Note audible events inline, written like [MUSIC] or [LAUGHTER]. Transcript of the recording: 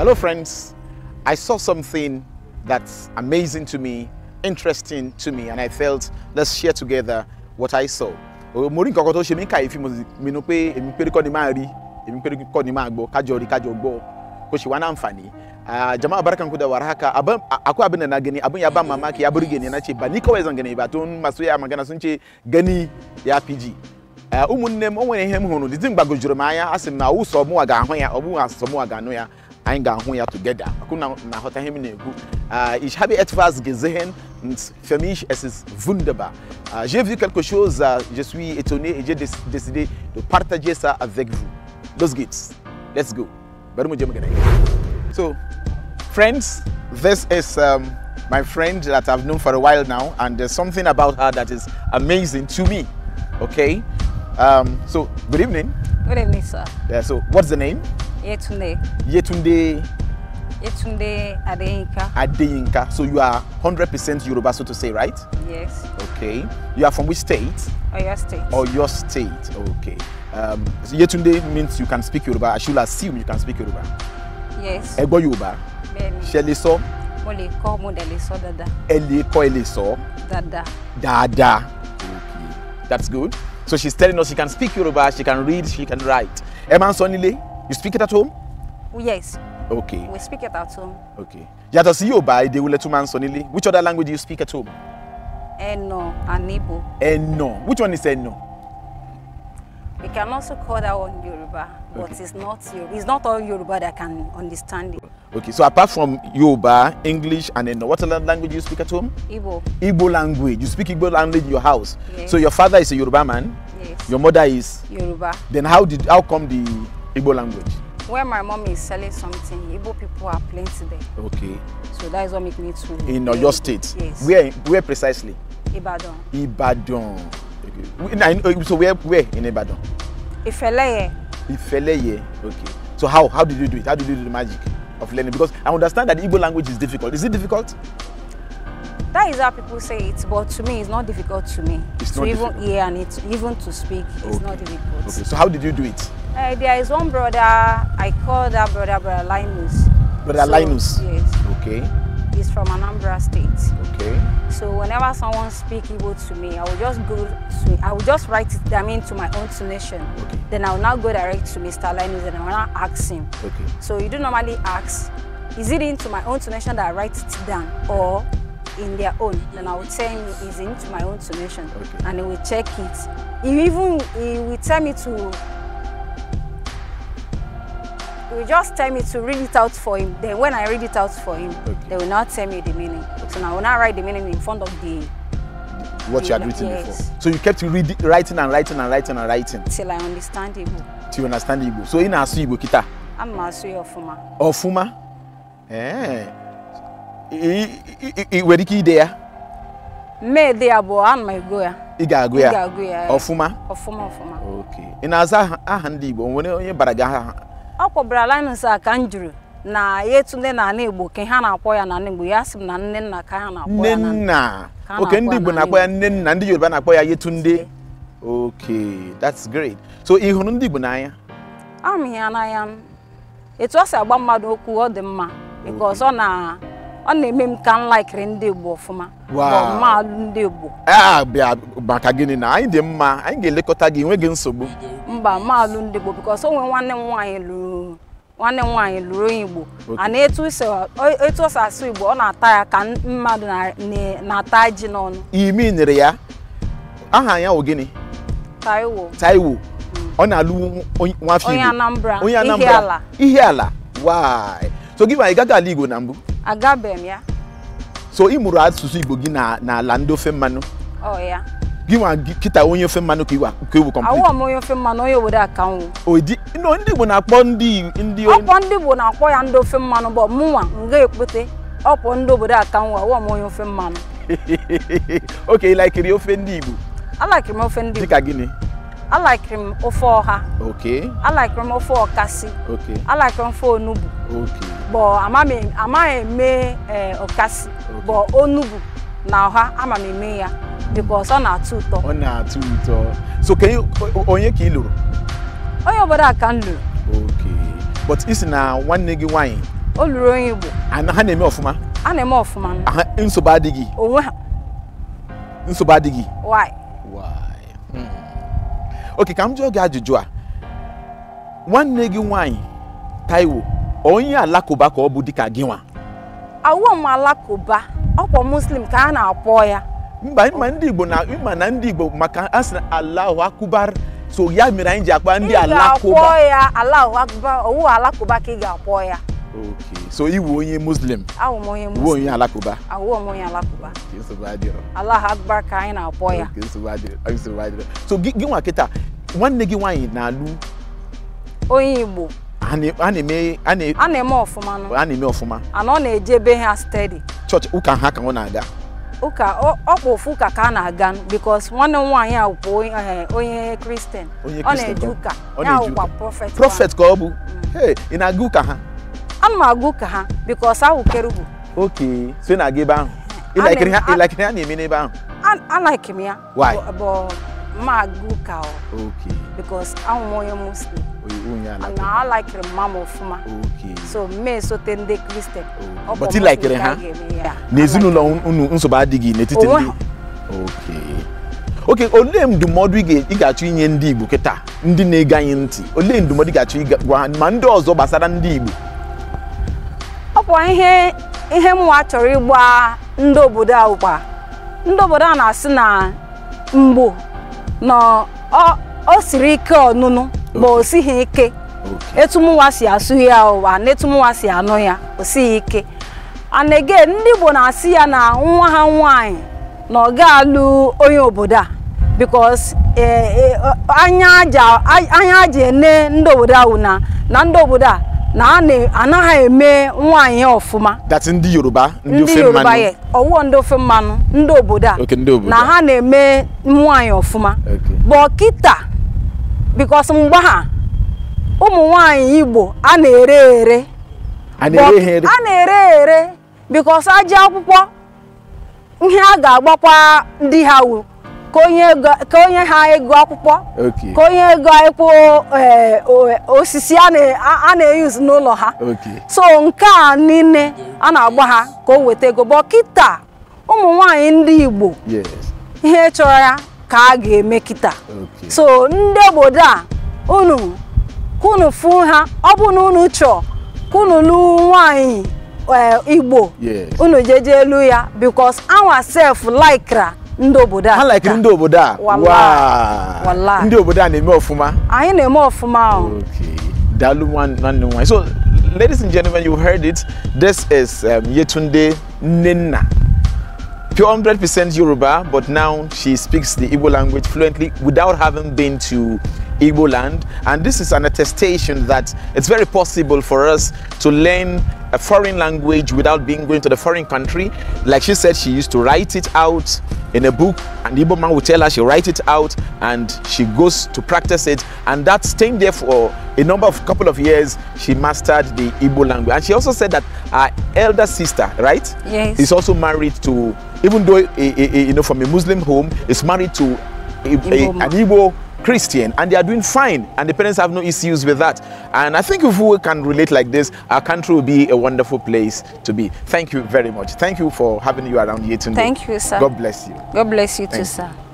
Hello friends, I saw something that's amazing to me, interesting to me and I felt let's share together what I saw. Oh, mo rí nǹkan tó ṣe mí kàyéfì mo sì pinnu pé èmi péré kọ́ ni máa rí èmi péré kọ́ ni máa gbọ́ kájọ rí kájọ gbọ́ kó ṣe wá ní àǹfààní. jama'a barkan ku da warhaka akwai abin da na gani abin yaba mama ki ya burge na ce ba ni kawai zan gani ba tun masu ya magana sun ce gani ya fi Umunne ụmụnne m o nwere ihe m hụrụ dịdị mgbagojuru m anya a na ọwụ sọ mụwa ga ahụ ya ọ bụghị asụsọ mụwa ga ya anyị ga-ahụ ya togeda na-aghọta ihe m na ich habe etwas gesehen und für mich es ist wunderbar uh, j'ai vu quelque chose uh, je suis étonné et j'ai décidé de partager ça avec vous los geht's let's go so friends this is um, my friend that I've known for a while now and there's something about her that is amazing to me okay um, so good evening good evening sir yeah so what's the name Yetunde. Yetunde. Yetunde Adeyinka. Adeyinka. So you are 100% Yoruba, so to say, right? Yes. Okay. You are from which state? Oyo State. Oyo State. Okay. Um, so Yetunde means you can speak Yoruba. I should assume you can speak Yoruba. Yes. Ẹ Yoruba. Yorùbá. Bẹ́ẹ̀ni. Ṣé lè sọ? Mo lè kọ́, mo dẹ̀ lè That's good. So she's telling us she can speak Yoruba, she can read, she can write. Ẹ máa You speak it at home? Yes. Okay. We speak it at home. Okay. Yàtọ̀ sí Yorùbá, èdè wo lẹ tún Which other language do you speak at home? Eno and Igbo. Eno. Which one is Eno? We can also call that one Yoruba, but okay. it's not it's not all Yoruba that can understand it. Okay, so apart from Yoruba, English, and then what other language do you speak at home? Igbo. Igbo language. You speak Igbo language in your house. Yes. So your father is a Yoruba man. Yes. Your mother is Yoruba. Then how did how come the Igbo language? Where my mom is selling something, Igbo people are plenty there. Okay. So that is what make me to... In Oyo State? Yes. Where, where precisely? Ibadan. Ibadan. Okay. So where, where in Ibadan? Ifeleye. Ifeleye, okay. So how, how did you do it? How did you do the magic of learning? Because I understand that Igbo language is difficult. Is it difficult? That is how people say it, but to me, it's not difficult to me. It's to not even difficult. yeah, and it, even to speak, it's okay. not difficult. Okay. So how did you do it? Uh, there is one brother. I call that brother brother Linus. Brother so, Linus. Yes. Okay. He's from Anambra State. Okay. So whenever someone speak Igbo to me, I will just go. To, I will just write it. I mean, to my own tonation. Okay. Then I will now go direct to Mr. Linus and I will now ask him. Okay. So you do normally ask. Is it into my own tonation that I write it down, or in their own then i will tell him he's into my own donation okay. and he will check it he even he will tell me to he will just tell me to read it out for him then when i read it out for him okay. they will not tell me the meaning so now i will now write the meaning in front of the what you had written yes. before so you kept reading writing and writing and writing and writing till i understand igbo till you understand igbo so in asu asụ igbo kita I'm asu ofuma. Ofuma, eh. ee i nwere ike ide ya mee dị ya a ana m ego ya ị ga-agụ ya ọfụma ọfụma ọfụma ị na-aza aha ndị Igbo nwere onye bara gị aha ọ kpọbara Linus ka m jụrụ na ya na n'ala Igbo ka ha na-akpọ ya n'ala Igbo ya sị m na nne nna ka ha na-akpọ ya nne nna oke ndị Igbo na-akpọ ya nne nna ndị Yoruba na-akpọ ya Yetunde okay that's great so ị hụrụ ndị Igbo n'anya ahụrụ ya n'anya etu ọ si agba mmadụ okwu ọ dị mma nke ọzọ na ọ na-eme m ka m laikiri ndị Igbo ọfụma maalụ ndị Igbo bịa maka gịnị na anyị dị mma anyị ga-elekọta gị enweghị nsogbu mba maalụ ndị Igbo bikọs onwe nwanne m nwaanyị lụrụ nwanne m nwaanyị lụrụ onye Igbo ana etu ọ si asụ Igbo ọ na-ata ya ka mmadụ na-ata ji n'ọnụ imi nyere ya aha ya wụ gịnị Taiwo Taiwo hmm. ọ na-alụ nwafọ Igbo onye Anambra ihe ala so gị ma ị gaghị ala Igbo na mbụ agabeghị m ya so ị mụrụ asụsụ igbo gị n'ala ndị ofe mmanụ oh, gị nwa kịta onye ofe mmanụ ka iwu kọmplit awụọ m onye ofe mmanụ onye obodo aka nwụ ndị igbo na-akpọ ndị ndị ọkpọ ndị igbo na-akpọ ya ndị ofe mmanụ bụ mụnwa nga ekpete ọkpọ ndị obodo aka nwụ awụọ m onye ofe mmanụ [LAUGHS] oke ị ofe ndị igbo alakiri m ofe ndị igbo dịka gịnị Alakịrị m ofe ọha. Okay. Alakịrị m ofe ọkasị. Okay. Alakịrị m ofe onugbu. Okay. But amaghị eme e, ọkasị but onugbu na ọha ama m eme ya because ọ na-atọ ụtọ. Ọ na-atọ ụtọ. So onye ka ị lụrụ? Onye obodo a ka m lụrụ. Okay. But isi na nwanne gị nwaanyị. O lụrụ onye Igbo. Ha na-eme ọfụma? A na-eme ọfụma. Nsogbu adịghị? Onwe ha. Nsogbu adịghị? oke ka m jụọ gị ajụjụ a nwanne gị nwanyị Taiwo onye alakụba ka ọ bụ dịka gị nwa awụọ m alakụba ọkwọ muslim ka a na-akpọ ya mba ịma ndị Igbo na ịma na ndị Igbo maka a sị na Allahu akbar so ya mere anyị ji akpa ndị alakụba ịga-akpọ ya Allahu owu alakụba ka ị ga-akpọ ya okay so iwu onye muslim awụ m onye muslim wuo onye alakụba awụọ m onye alakụba Allahu akbar ka anyị na-akpọ ya so gị nwa kịta nwanne gị nwaanyị na-alụ onye Igbo a na-eme ọfụma a na-eme ọfụma ana ọ na ejebe ha stedi. chọọchị ụka ha ka ọ na-aga ụka ọkpụ ofu ụka ka a na-aga because nwanne m nwaanyị a bụ onye kristian eh, ọ na-eje ụka ya wụkwa prọfet prọfet ka ọ bụ mm. ị na-aga ụka ha ana m aga ụka ha because ahụ kerubu oke so na-aga ebe ahụ eh, ịlakiri ha na-eme n'ebe ahụ alakim ya ma gu ka o okay because anwụ m onye muslim oh, na a likiri mma m ọfụma so mee sote ndị kristian but ị likiri ha na ezinụlọ unu nsogbu adịghị n'etiti ndị okay olee ndụmọdụ ị ga-achọ inye ndị igbo kịta ndị na-ege anyị ntị olee ndụmọdụ ị ga-achọ gwa ma ndị ọzọ gbasara ndị igbo ọ bụ ihe ihe mụwa chọrọ ịgba ndị obodo a ụkpa ndị obodo a na-asị na mgbo na o siri ike ọnụnụ ma o sighi ike etu si asụ ya ụwa na etu si anụ ya o sighi ike anege ndị Igbo na-asị ya na nwa ha nwaanyị na ọ ga-alụ onye obodo a because eh, eh, anya aja ene ndị obodo ahụ na ndị obodo a na anaghị eme nwaanyị ọfụma dati ndị yoruba ndị ofe mmanụ ọwụọ ndị ofe mmanụ ndị obodo a na ha na-eme nwaanyị ọfụma bọkịta bikos mgbe ha ụmụ nwaanyị igbo a na-ere ere a na-ere ere bikos ajị akwụkwọ ihe a ga-agbakwa ndị ha wuru ka onye ha ego akwụkwọ ka onye ego akwụkwọ eh, eh, osisi a na-eyuzu n'ụlọ ha so nke a niile a na-agba ha ka o weta ego bụ kịta ụmụ nwanyị ndị Igbo ihe chọrọ ya ka a ga-eme kịta so ndị obodo a unu kunu fụ ha ọ bụ na unu chọọ kunu nwanyị eh, Igbo unu jeje elu ya because our self likra ndị obodo a ha laikiri ndị obodo a wa ndị obodo a na-eme ọfụma anyị na-eme ọfụma daalụ nwanne m nwaanyị so ladies and gentlemen you heard it this is um, Yetunde Nenna. pure 100% Yoruba but now she speaks the Igbo language fluently without having been to Igbo land and this is an attestation that it's very possible for us to learn a foreign language without being going to the foreign country like she said she used to write it out in a book and the Igbo man will tell her, she writes it out and she goes to practice it. And that staying there for a number of couple of years, she mastered the Igbo language. And she also said that her elder sister, right? Yes. Is also married to, even though, eh, eh, eh, you know, from a Muslim home, is married to a, a, an Igbo Christian and they are doing fine and the parents have no issues with that. And I think if we can relate like this, our country will be a wonderful place to be. Thank you very much. Thank you for having you around here today. Thank you, sir. God bless you. God bless you Thank too, you. sir.